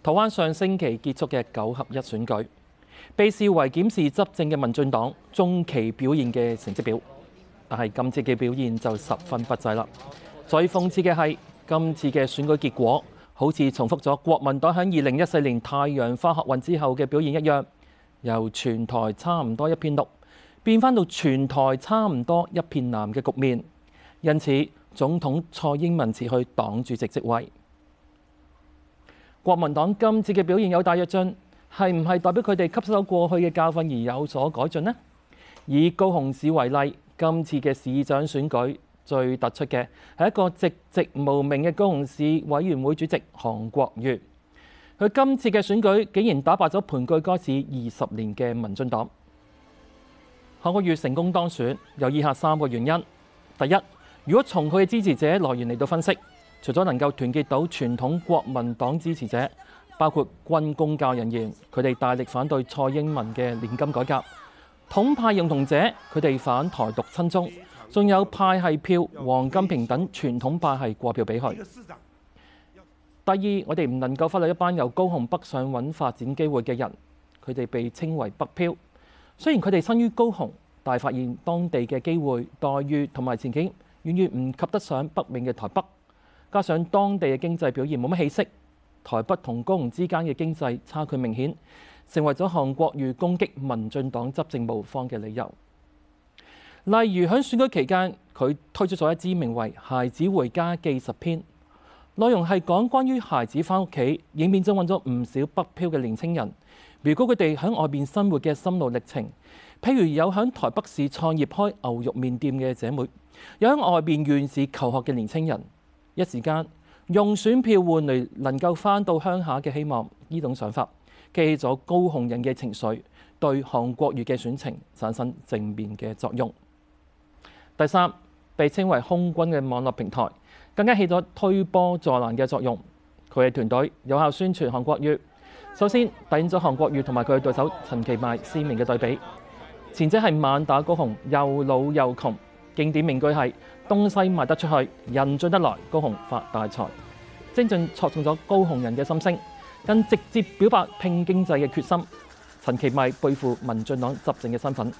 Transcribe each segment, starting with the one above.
台灣上星期結束嘅九合一選舉，被視為檢視執政嘅民進黨中期表現嘅成績表，但係今次嘅表現就十分不濟啦。最諷刺嘅係，今次嘅選舉結果好似重複咗國民黨喺二零一四年太陽花學運之後嘅表現一樣，由全台差唔多一片綠變翻到全台差唔多一片藍嘅局面。因此，總統蔡英文辭去黨主席職位。國民黨今次嘅表現有大躍進，係唔係代表佢哋吸收過去嘅教訓而有所改進呢？以高雄市為例，今次嘅市長選舉最突出嘅係一個籍籍無名嘅高雄市委員會主席韓國瑜，佢今次嘅選舉竟然打敗咗盤踞該市二十年嘅民進黨。韓國瑜成功當選有以下三個原因：第一，如果從佢嘅支持者來源嚟到分析。除咗能夠團結到傳統國民黨支持者，包括軍公教人員，佢哋大力反對蔡英文嘅年金改革；統派認同者，佢哋反台獨親中，仲有派系票王金平等傳統派系過票俾佢。第二，我哋唔能夠忽略一班由高雄北上揾發展機會嘅人，佢哋被稱為北漂。雖然佢哋生於高雄，但係發現當地嘅機會待遇同埋前景遠遠唔及得上北面嘅台北。加上當地嘅經濟表現冇乜起色，台北同高雄之間嘅經濟差距明顯，成為咗韓國瑜攻擊民進黨執政無方嘅理由。例如喺選舉期間，佢推出咗一支名為《孩子回家》紀實篇，內容係講關於孩子翻屋企。影片中揾咗唔少北漂嘅年輕人。如果佢哋喺外邊生活嘅心路歷程，譬如有喺台北市創業開牛肉麵店嘅姐妹，有喺外邊遠視求學嘅年輕人。一時間用選票換嚟能夠翻到鄉下嘅希望，呢種想法激起咗高雄人嘅情緒，對韓國瑜嘅選情產生正面嘅作用。第三，被稱為空軍嘅網絡平台，更加起咗推波助瀾嘅作用。佢嘅團隊有效宣傳韓國瑜。首先，打咗韓國瑜同埋佢嘅對手陳其邁鮮明嘅對比。前者係晚打高雄，又老又窮。經典名句係：東西賣得出去，人進得來，高雄發大財。精準戳中咗高雄人嘅心聲，更直接表白拼經濟嘅決心。陳其邁背負民進黨執政嘅身份，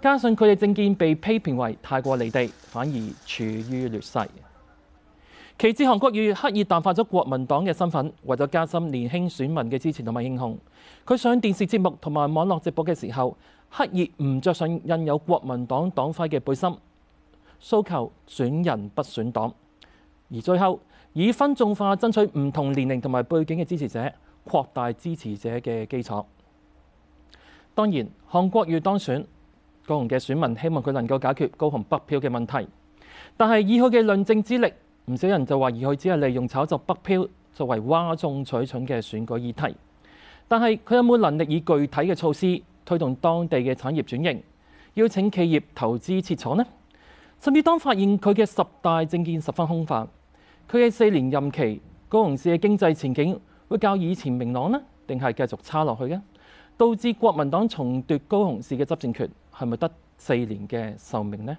加上佢哋政見被批評為太過離地，反而處於劣勢。其次，韓國瑜刻意淡化咗國民黨嘅身份，為咗加深年輕選民嘅支持同埋認同。佢上電視節目同埋網絡直播嘅時候，刻意唔着上印有國民黨黨徽嘅背心。訴求選人不選黨，而最後以分眾化爭取唔同年齡同埋背景嘅支持者，擴大支持者嘅基礎。當然，韓國瑜當選高雄嘅選民希望佢能夠解決高雄北漂嘅問題，但係以佢嘅論政之力，唔少人就懷疑佢只係利用炒作北漂作為嘩眾取寵嘅選舉議題。但係佢有冇能力以具體嘅措施推動當地嘅產業轉型，邀請企業投資設廠呢？甚至當發現佢嘅十大政見十分空泛，佢嘅四年任期高雄市嘅經濟前景會較以前明朗呢？定係繼續差落去呢，導致國民黨重奪高雄市嘅執政權係咪得四年嘅壽命呢？